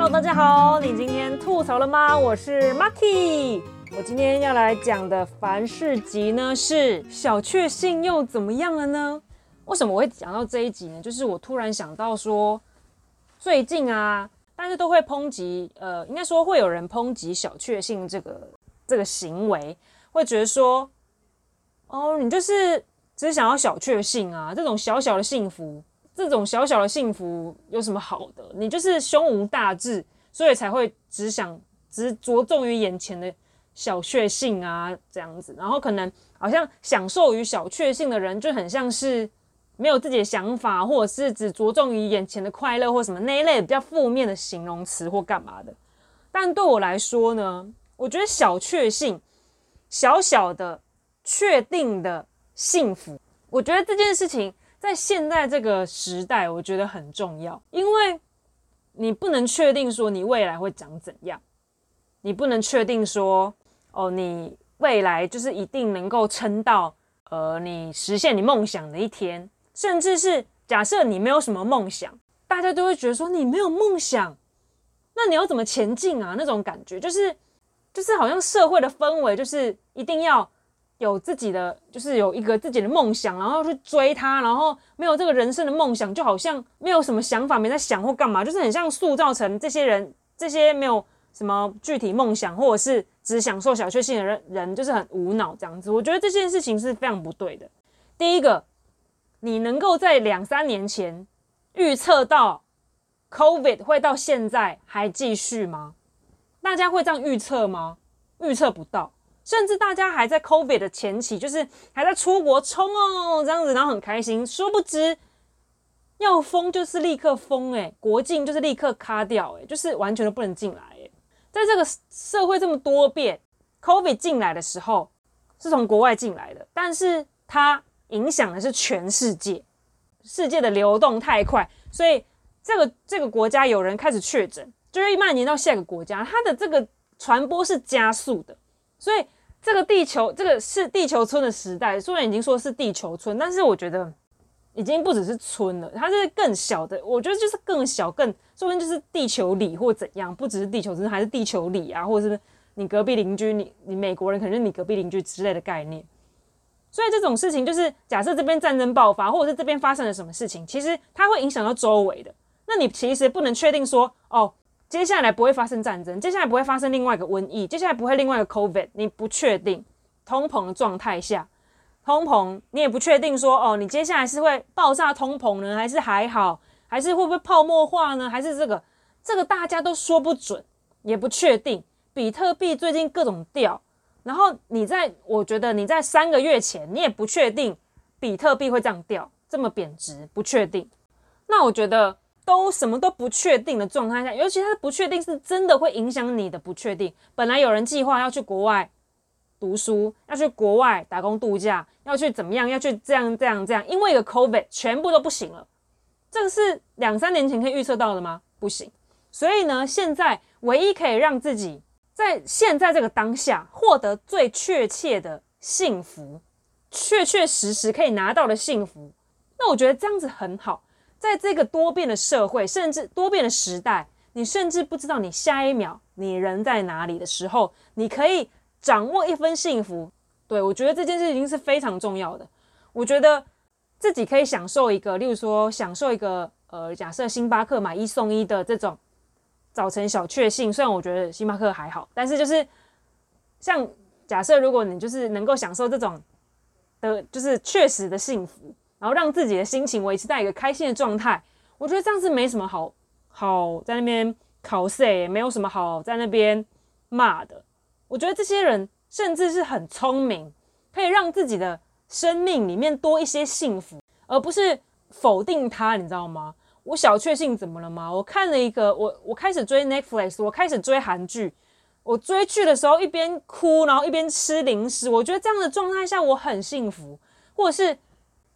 Hello，大家好，你今天吐槽了嗎？我是 Maki，我今天要來講的凡事集呢，是小確幸又怎麼樣了呢？為什麼我會講到這一集呢？就是我突然想到說，最近啊，大家都會抨擊，呃，應該說會有人抨擊小確幸這個這個行為，會覺得說，哦，你就是只想要小確幸啊，這種小小的幸福。這種小小的幸福有什麼好的？你就是胸無大志，所以才會只想只着重於眼前的小確幸啊，這樣子。然後可能好像享受於小確幸的人，就很像是沒有自己的想法，或者是只着重於眼前的快樂或什麼那一類比較負面的形容詞或幹嘛的。但對我來說呢，我覺得小確幸、小小的確定的幸福，我覺得這件事情。在現在這個時代，我覺得很重要，因為你不能確定說你未來會長怎樣，你不能確定說哦，你未來就是一定能夠撐到呃，你實現你夢想的一天，甚至是假設你沒有什麼夢想，大家都會覺得說你沒有夢想，那你要怎麼前進啊？那種感覺就是，就是好像社會的氛圍就是一定要。有自己的，就是有一個自己的夢想，然後去追他。然後沒有這個人生的夢想，就好像沒有什麼想法，沒在想或幹嘛，就是很像塑造成這些人，這些沒有什麼具體夢想，或者是只享受小確幸的人，人就是很無腦這樣子。我覺得這件事情是非常不對的。第一個，你能夠在兩三年前預測到 COVID 會到現在還繼續嗎？大家會這樣預測嗎？預測不到。甚至大家還在 COVID 的前期，就是還在出國衝哦，這樣子，然後很開心。殊不知，要封就是立刻封誒、欸，國境就是立刻卡掉誒、欸，就是完全都不能進來誒、欸。在這個社會這麼多變，COVID 進來的時候是從國外進來的，但是它影響的是全世界。世界的流動太快，所以這個這個國家有人開始確診，就會蔓延到下一個國家，它的這個傳播是加速的，所以。這個地球，這個是地球村的時代。雖然已經說是地球村，但是我覺得已經不只是村了，它是更小的。我覺得就是更小，更說不定就是地球里或怎樣，不只是地球村，還是地球里啊，或者是你隔壁鄰居，你你美國人可能是你隔壁鄰居之類的概念。所以這種事情就是，假設這邊戰爭爆發，或者是這邊發生了什麼事情，其實它會影響到周圍的。那你其實不能確定說，哦。接下來不會發生戰爭，接下來不會發生另外一個瘟疫，接下來不會另外一個 COVID。你不確定通膨的狀態下，通膨你也不確定說哦，你接下來是會爆炸通膨呢，還是還好，還是會不會泡沫化呢？還是這個這個大家都說不準，也不確定。比特幣最近各種掉，然後你在，我覺得你在三個月前，你也不確定比特幣會這樣掉這麼貶值，不確定。那我覺得。都什麼都不確定的狀態下，尤其它的不確定是真的會影響你的不確定。本來有人計劃要去國外讀書，要去國外打工度假，要去怎麼樣，要去這樣這樣這樣，因為一個 COVID 全部都不行了。這個是兩三年前可以預測到的嗎？不行。所以呢，現在唯一可以讓自己在現在這個當下獲得最確切的幸福，確確實實可以拿到的幸福。那我覺得這樣子很好。在這個多變的社會，甚至多變的時代，你甚至不知道你下一秒你人在哪裡的時候，你可以掌握一份幸福。對，我覺得這件事情是非常重要的。我覺得自己可以享受一個，例如說享受一個，呃，假設星巴克買一送一的這種早晨小確幸。雖然我覺得星巴克還好，但是就是像假設如果你就是能夠享受這種的，就是確實的幸福。然後讓自己的心情維持在一個開心的狀態，我覺得這樣子沒什麼好，好在那邊靠腰，也沒有什麼好在那邊罵的。我覺得這些人甚至是很聰明，可以讓自己的生命裡面多一些幸福，而不是否定他，你知道嗎？我小確幸怎麼了嗎？我看了一個，我我開始追 Netflix，我開始追韓劇，我追劇的時候一邊哭，然後一邊吃零食，我覺得這樣的狀態下我很幸福，或者是。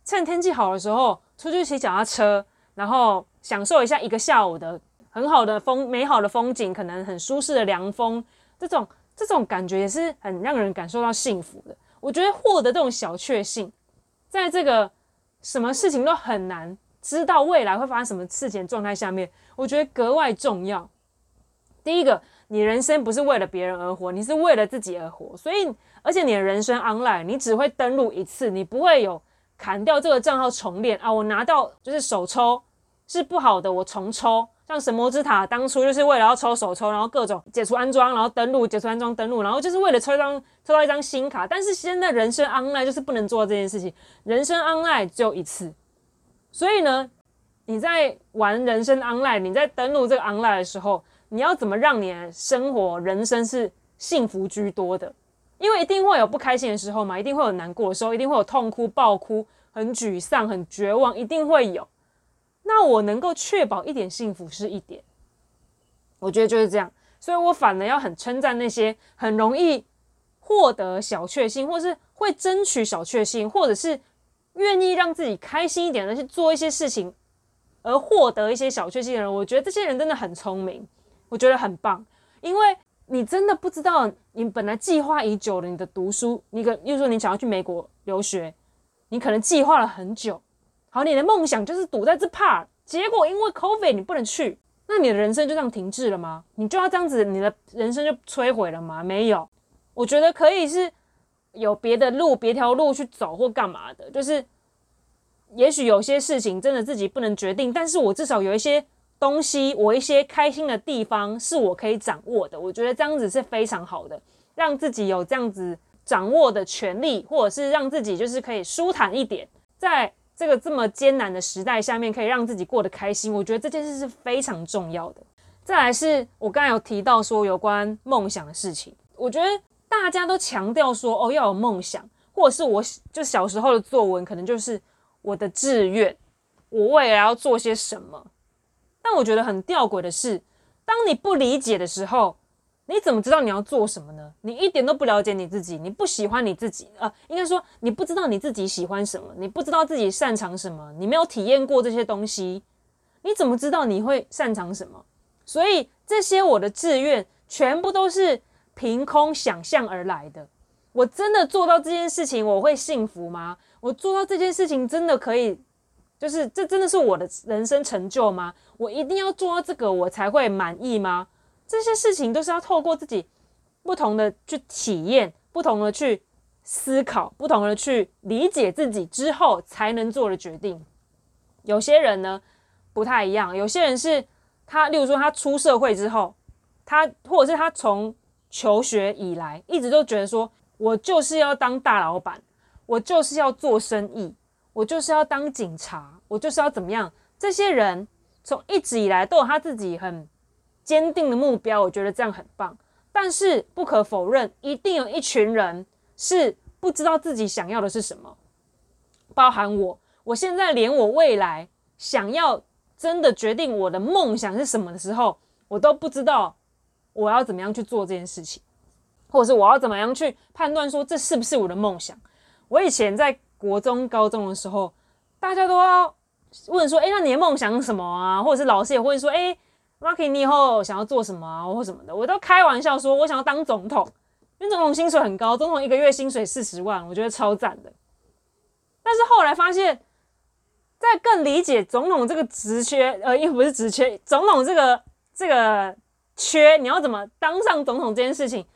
趁天氣好的時候出去騎腳踏車，然後享受一下一個下午的很好的風、美好的風景，可能很舒適的涼風，這種這種感覺也是很讓人感受到幸福的。我覺得獲得這種小確幸，在這個什麼事情都很難知道未來會發生什麼事情的狀態下面，我覺得格外重要。第一個，你人生不是為了別人而活，你是為了自己而活。所以，而且你的人生 online 你只會登錄一次，你不會有。砍掉這個賬號重練啊！我拿到就是首抽是不好的，我重抽。像神魔之塔當初就是為了要抽首抽，然後各種解除安裝，然後登錄解除安裝登錄，然後就是為了抽一張抽到一張新卡。但是現在人生 online 就是不能做這件事情，人生 online 只有一次。所以呢，你在玩人生 online，你在登錄這個 online 的時候，你要怎麼讓你的生活人生是幸福居多的？因為一定會有不開心的時候嘛，一定會有難過的時候，一定會有痛哭、爆哭、很沮喪、很絕望，一定會有。那我能夠確保一點幸福是一點，我覺得就是這樣。所以我反而要很稱讚那些很容易獲得小確幸，或是會爭取小確幸，或者是願意讓自己開心一點的去做一些事情而獲得一些小確幸的人。我覺得這些人真的很聰明，我覺得很棒，因為你真的不知道。你本來計劃已久的你的讀書，你可又、就是、說你想要去美國留學，你可能計劃了很久，好，你的夢想就是堵在這 part，結果因為 COVID 你不能去，那你的人生就這樣停滯了嗎？你就要這樣子，你的人生就摧毀了嗎？沒有，我覺得可以是有別的路，別條路去走或幹嘛的，就是也許有些事情真的自己不能決定，但是我至少有一些。東西，我一些開心的地方是我可以掌握的，我覺得這樣子是非常好的，讓自己有這樣子掌握的權利，或者是讓自己就是可以舒坦一點，在這個這麼艱難的時代下面，可以讓自己過得開心，我覺得這件事是非常重要的。再來是我剛才有提到說有關夢想的事情，我覺得大家都強調說哦，要有夢想，或者是我就小時候的作文可能就是我的志願，我未來要做些什麼。但我覺得很吊詭的是，當你不理解的時候，你怎麼知道你要做什麼呢？你一點都不了解你自己，你不喜歡你自己啊，呃，應該說，你不知道你自己喜歡什麼，你不知道自己擅長什麼，你沒有體驗過這些東西，你怎麼知道你會擅長什麼？所以，這些我的志願全部都是憑空想象而來的。我真的做到這件事情，我會幸福嗎？我做到這件事情，真的可以？就是這真的是我的人生成就嗎？我一定要做到這個我才會滿意嗎？這些事情都是要透過自己不同的去體驗、不同的去思考、不同的去理解自己之後才能做的決定。有些人呢，不太一樣，有些人是他，例如說他出社會之後，他或者是他從求學以來，一直都覺得說我就是要當大老闆，我就是要做生意。我就是要當警察，我就是要怎麼樣？這些人從一直以來都有他自己很堅定的目標，我覺得這樣很棒。但是不可否認，一定有一群人是不知道自己想要的是什麼。包含我，我現在連我未來想要真的決定我的夢想是什麼的時候，我都不知道我要怎麼樣去做這件事情，或者是我要怎麼樣去判斷說這是不是我的夢想。我以前在，國中、高中的時候，大家都要問說：“哎、欸，那你的夢想是什麼啊？”或者是老師也會說：“哎、欸、Maki 你以後想要做什麼啊？”或什麼的，我都開玩笑說：“我想要當總統，因為總統薪水很高，總統一個月薪水四十萬，我覺得超讚的。”但是後來發現，在更理解總統這個職缺，呃，又不是職缺，總統這個這個缺，你要怎麼當上總統這件事情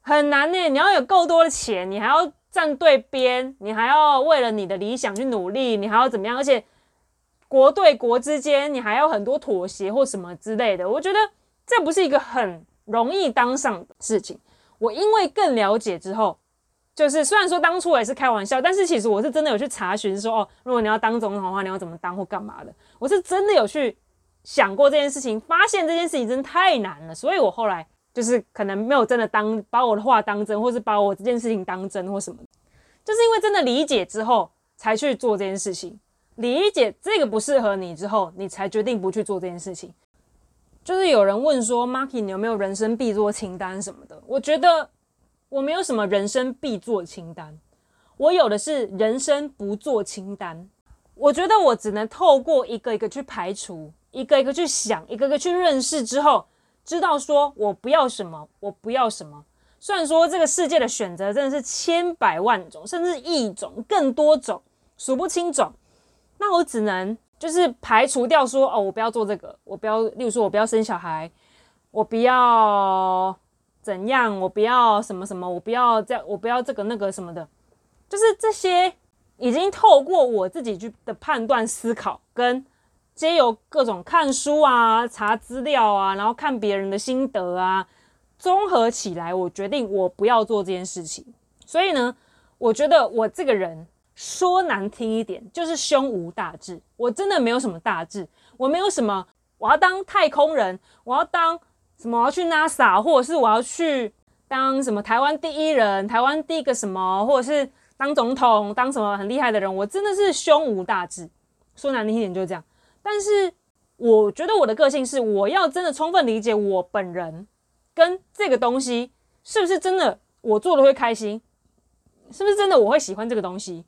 很難呢？你要有夠多的錢，你還要。站對邊，你還要為了你的理想去努力，你還要怎麼樣？而且國對國之間，你還要很多妥協或什麼之類的。我覺得這不是一個很容易當上的事情。我因為更了解之後，就是雖然說當初也是開玩笑，但是其實我是真的有去查詢說，哦，如果你要當總統的話，你要怎麼當或幹嘛的？我是真的有去想過這件事情，發現這件事情真的太難了，所以我後來。就是可能沒有真的當把我的話當真，或是把我這件事情當真，或什麼，就是因為真的理解之後才去做這件事情。理解這個不適合你之後，你才決定不去做這件事情。就是有人問說，Maki，你有沒有人生必做清單什麼的？我覺得我沒有什麼人生必做清單，我有的是人生不做清單。我覺得我只能透過一個一個去排除，一個一個去想，一個一個去認識之後，知道說我不要什麼，我不要什麼。雖然說這個世界的選擇真的是千百萬種，甚至一種更多種，數不清種。那我只能就是排除掉說哦，我不要做這個，我不要，例如說，我不要生小孩，我不要怎樣，我不要什麼什麼，我不要這樣，我不要這個那個什麼的。就是這些已經透過我自己去的判斷思考跟。藉由各種看書啊、查資料啊，然後看別人的心得啊，綜合起來，我決定我不要做這件事情。所以呢，我覺得我這個人說難聽一點，就是胸無大志。我真的沒有什麼大志，我沒有什麼我要當太空人，我要當什麼，我要去 NASA，或者是我要去當什麼台灣第一人、台灣第一個什麼，或者是當總統、當什麼很厲害的人。我真的是胸無大志，說難聽一點就是這樣。但是，我覺得我的個性是，我要真的充分理解我本人跟這個東西是不是真的，我做的會開心，是不是真的我會喜歡這個東西，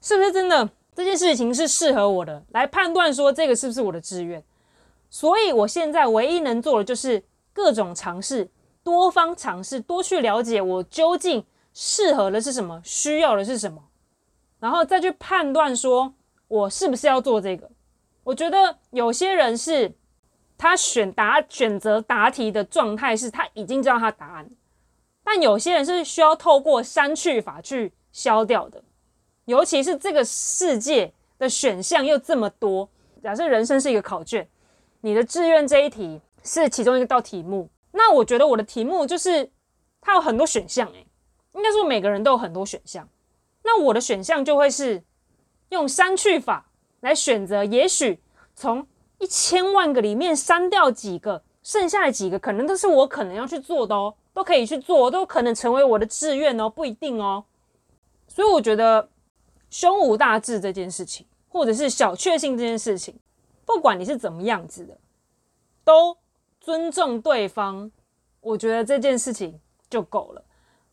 是不是真的這件事情是適合我的，來判斷說這個是不是我的志願。所以我現在唯一能做的就是各種嘗試，多方嘗試，多去了解我究竟適合的是什麼，需要的是什麼，然後再去判斷說我是不是要做這個。我覺得有些人是，他選答選擇答題的狀態是他已經知道他答案，但有些人是需要透過刪去法去消掉的。尤其是這個世界的選項又這麼多，假設人生是一個考卷，你的志願這一題是其中一個道題目，那我覺得我的題目就是它有很多選項誒，應該說每個人都有很多選項，那我的選項就會是用刪去法來選擇，也許從一千萬個裡面刪掉幾個，剩下的幾個可能都是我可能要去做的哦，都可以去做，都可能成為我的志願哦，不一定哦。所以我覺得胸無大志這件事情，或者是小確幸這件事情，不管你是怎麼樣子的，都尊重對方，我覺得這件事情就夠了，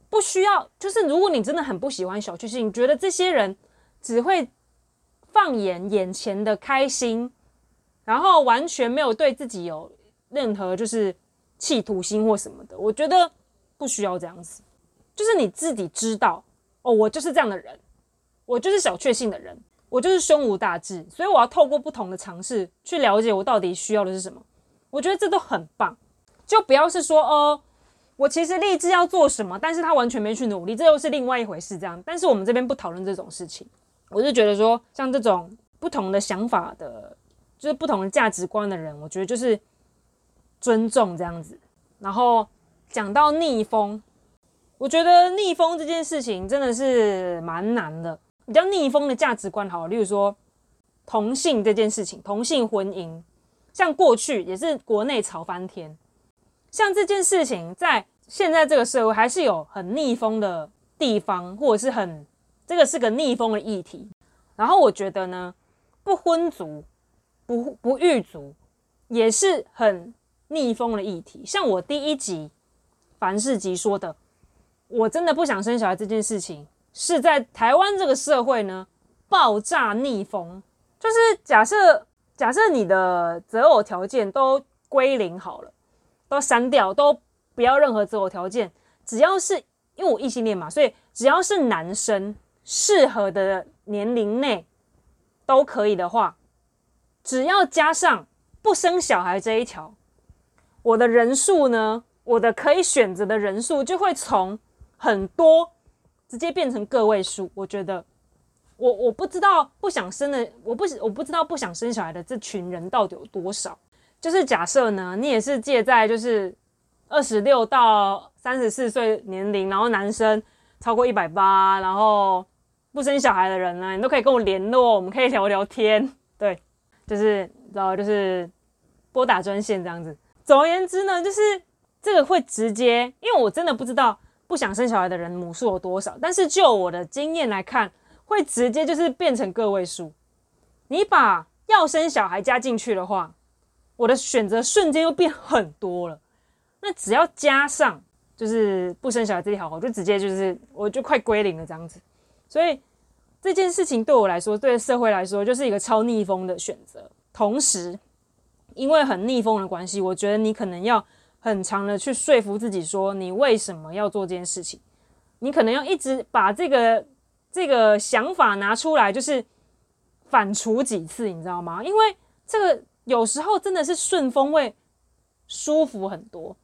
不需要。就是如果你真的很不喜歡小確幸，覺得這些人只會。放眼眼前的開心，然後完全沒有對自己有任何就是企圖心或什麼的，我覺得不需要這樣子。就是你自己知道，哦，我就是這樣的人，我就是小確幸的人，我就是胸無大志，所以我要透過不同的嘗試去了解我到底需要的是什麼。我覺得這都很棒，就不要是說，哦，我其實立志要做什麼，但是他完全沒去努力，這又是另外一回事。這樣，但是我們這邊不討論這種事情。我是覺得說，像這種不同的想法的，就是不同的價值觀的人，我覺得就是尊重這樣子。然後講到逆風，我覺得逆風這件事情真的是蠻難的。比較逆風的價值觀，好，例如說同性這件事情，同性婚姻，像過去也是國內吵翻天，像這件事情，在現在這個社會還是有很逆風的地方，或者是很。這個是個逆風的議題，然後我覺得呢，不婚族、不不育族也是很逆風的議題。像我第一集凡事集說的，我真的不想生小孩這件事情，是在台灣這個社會呢爆炸逆風。就是假設假設你的擇偶條件都歸零好了，都刪掉，都不要任何擇偶條件，只要是因為我異性戀嘛，所以只要是男生。適合的年齡內，都可以的話，只要加上不生小孩這一條，我的人數呢，我的可以選擇的人數就會從很多直接變成個位數。我覺得我，我我不知道不想生的，我不我不知道不想生小孩的這群人到底有多少。就是假設呢，你也是介在就是二十六到三十四歲年齡，然後男生超過一百八，然後。不生小孩的人呢、啊，你都可以跟我聯絡，我們可以聊聊天。對，就是然後就是撥打專線這樣子。總而言之呢，就是這個會直接，因為我真的不知道不想生小孩的人母數有多少，但是就我的經驗來看，會直接就是變成個位數。你把要生小孩加進去的話，我的選擇瞬間又變很多了。那只要加上就是不生小孩，自己好好，就直接就是我就快歸零了這樣子。所以這件事情對我來說，對社會來說，就是一個超逆風的選擇。同時，因為很逆風的關係，我覺得你可能要很長的去說服自己，說你為什麼要做這件事情。你可能要一直把這個這個想法拿出來，就是反芻幾次，你知道嗎？因為這個有時候真的是順風會舒服很多。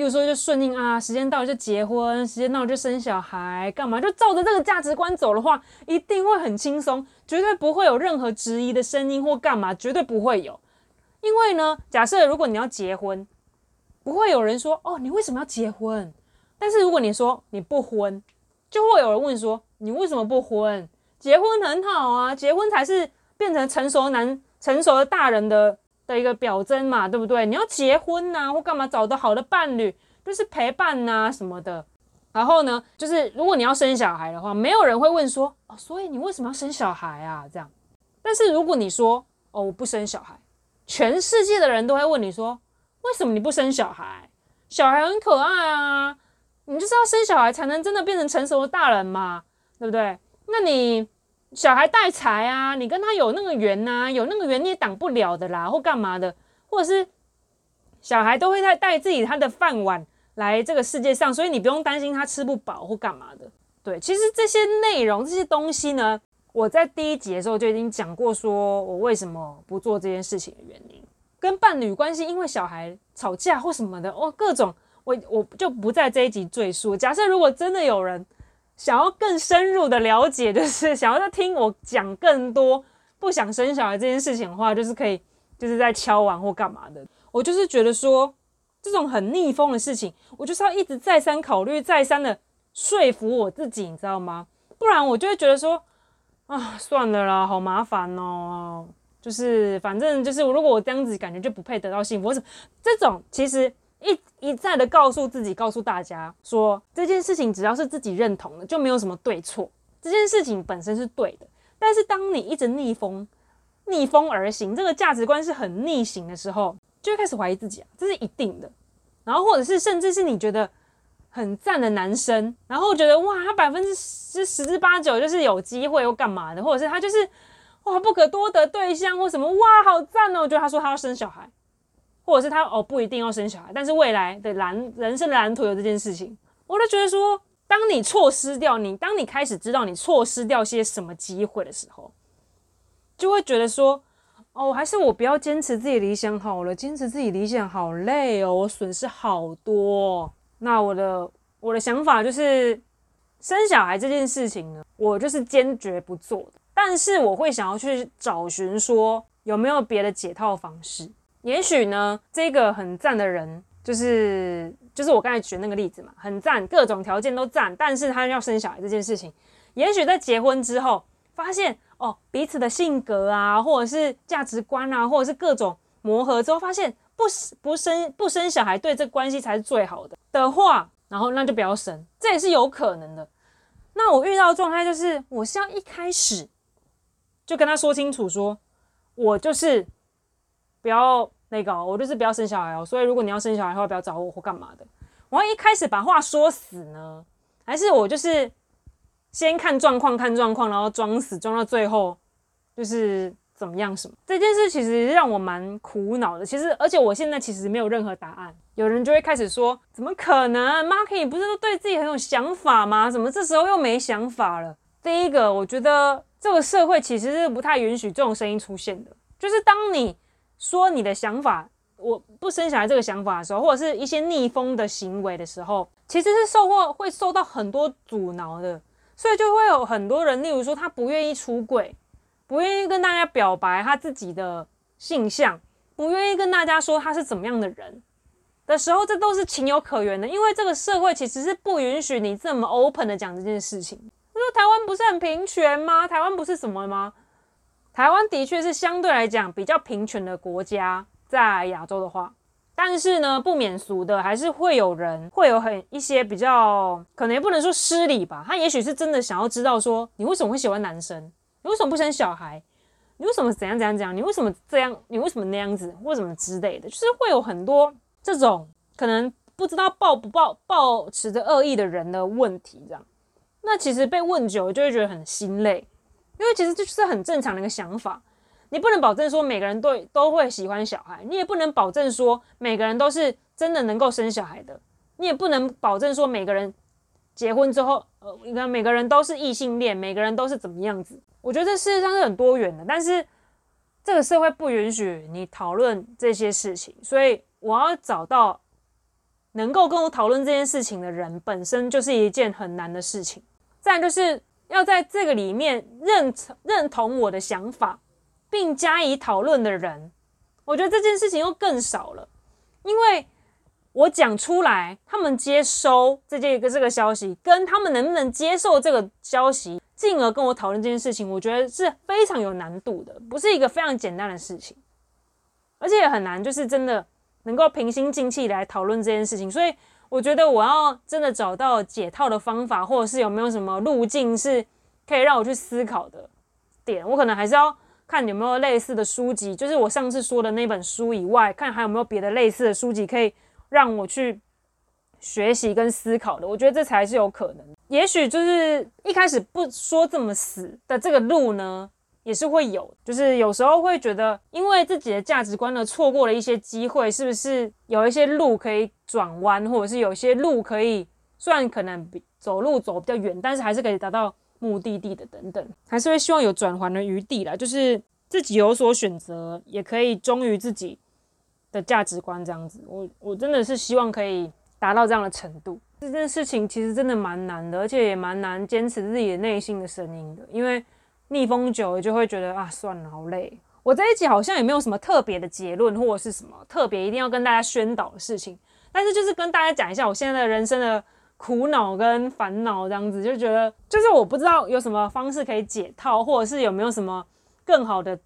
有時候就順應啊，時間到了就結婚，時間到了就生小孩，幹嘛就照着這個價值觀走的話，一定會很輕鬆，絕對不會有任何質疑的聲音或幹嘛，絕對不會有。因為呢，假設如果你要結婚，不會有人說哦，你為什麼要結婚？但是如果你說你不婚，就會有人問說你為什麼不婚？結婚很好啊，結婚才是變成成成熟男、成熟的大人的。的一個表徵嘛，對不對？你要結婚吶、啊，或幹嘛，找的好的伴侶，就是陪伴吶、啊、什麼的。然後呢，就是如果你要生小孩的話，沒有人會問說，哦，所以你為什麼要生小孩啊？這樣。但是如果你說，哦，我不生小孩，全世界的人都會問你說，為什麼你不生小孩？小孩很可愛啊，你就是要生小孩才能真的變成成熟的大人嘛，對不對？那你。小孩帶財啊，你跟他有那個緣吶、啊，有那個緣你也擋不了的啦，或幹嘛的，或者是小孩都會帶帶自己他的飯碗來這個世界上，所以你不用擔心他吃不飽或幹嘛的。對，其實這些內容這些東西呢，我在第一集的時候就已經講過，說我為什麼不做這件事情的原因，跟伴侶關係因為小孩吵架或什麼的哦，各種我我就不在這一集贅述。假設如果真的有人。想要更深入的了解，就是想要再聽我講更多不想生小孩這件事情的話，就是可以，就是在敲碗或幹嘛的。我就是覺得說，這種很逆風的事情，我就是要一直再三考慮、再三的說服我自己，你知道嗎？不然我就會覺得說，啊，算了啦，好麻煩喔。就是反正就是我，如果我這樣子，感覺就不配得到幸福。或是這種其實。一一再的告訴自己，告訴大家說，這件事情只要是自己認同的，就沒有什麼對錯。這件事情本身是對的，但是當你一直逆風逆風而行，這個價值觀是很逆行的時候，就會開始懷疑自己啊，這是一定的。然後或者是甚至是你覺得很讚的男生，然後覺得哇，他百分之十十之八九就是有機會又幹嘛的，或者是他就是哇不可多得對象或什麼哇好讚哦覺得他說他要生小孩。或者是他哦，不一定要生小孩，但是未來的藍人生藍圖有這件事情，我都覺得說，當你錯失掉你，當你開始知道你錯失掉些什麼機會的時候，就會覺得說，哦，還是我不要堅持自己理想好了，堅持自己理想好累哦，我損失好多哦。那我的我的想法就是，生小孩這件事情呢，我就是堅決不做的，但是我會想要去找尋說，有沒有別的解套方式。也許呢，這個很讚的人，就是，就是就是我剛才舉那個例子嘛，很讚，各種條件都讚，但是他要生小孩這件事情，也許在結婚之後發現哦，彼此的性格啊，或者是價值觀啊，或者是各種磨合之後，發現不不生不生小孩對這關係才是最好的的話，然後那就不要生，這也是有可能的。那我遇到的狀態就是，我是要一開始就跟他說清楚說，說我就是。不要那個，我就是不要生小孩哦、喔。所以如果你要生小孩的話，不要找我或幹嘛的。我要一開始把話說死呢，還是我就是先看狀況，看狀況，然後裝死，裝到最後就是怎麼樣？什麼這件事其實讓我蠻苦惱的。其實而且我現在其實沒有任何答案。有人就會開始說：怎麼可能？Maki 不是都對自己很有想法嗎？怎麼這時候又沒想法了？第一個，我覺得這個社會其實是不太允許這種聲音出現的。就是當你。說你的想法，我不生小孩這個想法的時候，或者是一些逆風的行為的時候，其實是受過會受到很多阻撓的，所以就會有很多人，例如說他不願意出櫃，不願意跟大家表白他自己的性向，不願意跟大家說他是怎麼樣的人的時候，這都是情有可原的，因為這個社會其實是不允許你這麼 open 的講這件事情。他說，說台灣不是很平權嗎？台灣不是什麼嗎？台灣的確是相對來講比較平權的國家，在亞洲的話，但是呢，不免俗的還是會有人會有很一些比較，可能也不能說失禮吧，他也許是真的想要知道說你為什麼會喜歡男生，你為什麼不生小孩，你為什麼怎樣怎樣怎樣，你為什麼這樣，你為什麼那樣子或什麼之類的，就是會有很多這種可能不知道抱不抱抱持着惡意的人的問題，這樣，那其實被問久了就會覺得很心累。因為其實這就是很正常的一個想法，你不能保證說每個人都都會喜歡小孩，你也不能保證說每個人都是真的能夠生小孩的，你也不能保證說每個人結婚之後，呃，你看每個人都是異性戀，每個人都是怎麼樣子？我覺得這事實上是很多元的，但是這個社會不允許你討論這些事情，所以我要找到能夠跟我討論這件事情的人，本身就是一件很難的事情。再來就是。要在這個裡面認認同我的想法，並加以討論的人，我覺得這件事情又更少了。因為我講出來，他們接收這件、個、這個消息，跟他們能不能接受這個消息，進而跟我討論這件事情，我覺得是非常有難度的，不是一個非常簡單的事情，而且也很難，就是真的能夠平心靜氣來討論這件事情，所以。我覺得我要真的找到解套的方法，或者是有沒有什麼路徑是可以讓我去思考的點，我可能還是要看有沒有類似的書籍，就是我上次說的那本書以外，看還有沒有別的類似的書籍可以讓我去學習跟思考的。我覺得這才是有可能，也許就是一開始不說這麼死的這個路呢。也是會有，就是有時候會覺得，因為自己的價值觀呢，錯過了一些機會，是不是有一些路可以轉彎，或者是有一些路可以，雖然可能走路走比較遠，但是還是可以達到目的地的，等等，還是會希望有轉圜的餘地啦，就是自己有所選擇，也可以忠於自己的價值觀這樣子。我我真的是希望可以達到這樣的程度，這件事情其實真的蠻難的，而且也蠻難堅持自己的內心的聲音的，因為。逆風久了，就會覺得啊，算了，好累。我這一集好像也沒有什麼特別的結論，或者是什麼特別一定要跟大家宣導的事情。但是就是跟大家講一下我現在的人生的苦惱跟煩惱，這樣子就覺得，就是我不知道有什麼方式可以解套，或者是有沒有什麼更好的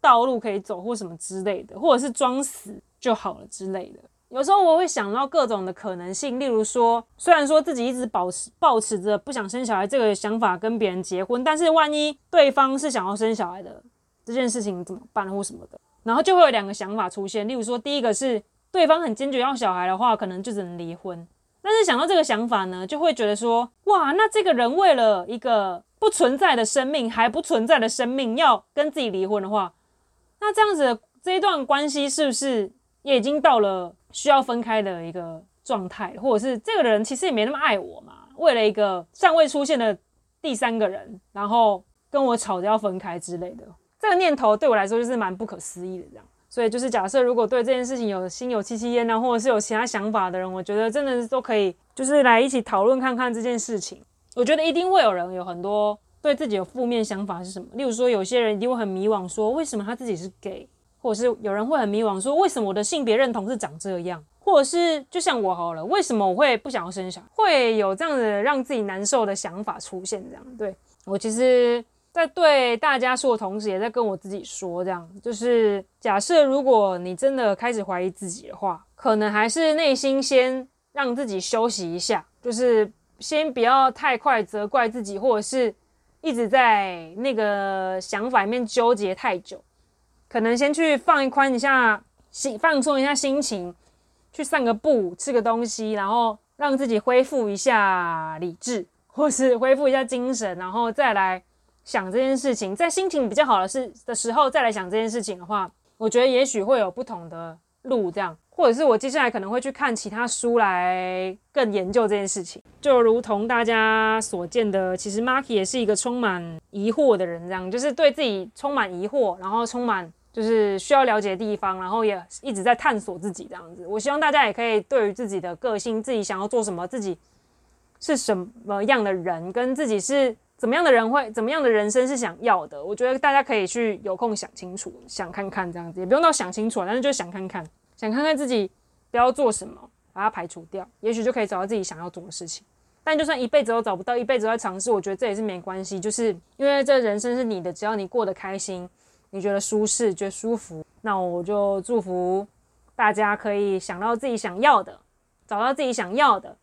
道路可以走，或什麼之類的，或者是裝死就好了之類的。有時候我會想到各種的可能性，例如說，雖然說自己一直保持抱持着不想生小孩這個想法，跟別人結婚，但是萬一對方是想要生小孩的這件事情怎麼辦，或什麼的，然後就會有兩個想法出現，例如說，第一個是對方很堅決要小孩的話，可能就只能離婚。但是想到這個想法呢，就會覺得說，哇，那這個人為了一個不存在的生命，還不存在的生命要跟自己離婚的話，那這樣子的這一段關係是不是？也已經到了需要分開的一個狀態，或者是這個人其實也沒那麼愛我嘛。為了一個尚未出現的第三個人，然後跟我吵着要分開之類的，這個念頭對我來說就是蠻不可思議的。這樣，所以就是假設如果對這件事情有心有戚戚焉啊，或者是有其他想法的人，我覺得真的是都可以，就是來一起討論看看這件事情。我覺得一定會有人有很多對自己有負面想法是什麼，例如說有些人一定會很迷惘，說為什麼他自己是 gay。或者是有人會很迷惘說，說為什麼我的性別認同是長這樣？或者是就像我好了，為什麼我會不想要生小孩，會有這樣子讓自己難受的想法出現。這樣對我其實，在對大家說的同時，也在跟我自己說。這樣就是假設如果你真的開始懷疑自己的話，可能還是內心先讓自己休息一下，就是先不要太快責怪自己，或者是一直在那個想法裡面糾結太久。可能先去放一寬一下心，放鬆一下心情，去散個步，吃個東西，然後讓自己恢復一下理智，或是恢復一下精神，然後再來想這件事情。在心情比較好的時的時候再來想這件事情的話，我覺得也許會有不同的路。這樣，或者是我接下來可能會去看其他書來更研究這件事情。就如同大家所見的，其實 Maki 也是一個充滿疑惑的人，這樣就是對自己充滿疑惑，然後充滿。就是需要了解的地方，然後也一直在探索自己這樣子。我希望大家也可以對於自己的個性、自己想要做什麼、自己是什麼樣的人，跟自己是怎麼樣的人會，會怎麼樣的人生是想要的。我覺得大家可以去有空想清楚，想看看這樣子，也不用到想清楚，但是就想看看，想看看自己不要做什麼，把它排除掉，也許就可以找到自己想要做的事情。但就算一輩子都找不到，一輩子都在嘗試，我覺得這也是沒關係，就是因為這人生是你的，只要你過得開心。你覺得舒適，覺得舒服，那我就祝福大家可以想到自己想要的，找到自己想要的，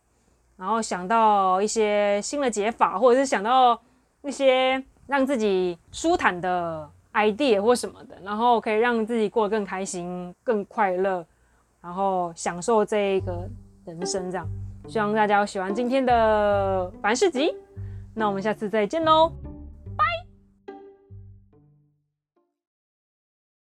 然後想到一些新的解法，或者是想到一些讓自己舒坦的 idea 或什麼的，然後可以讓自己過得更開心、更快樂，然後享受這一個人生。這樣，希望大家有喜歡今天的凡事集，那我們下次再見嘍。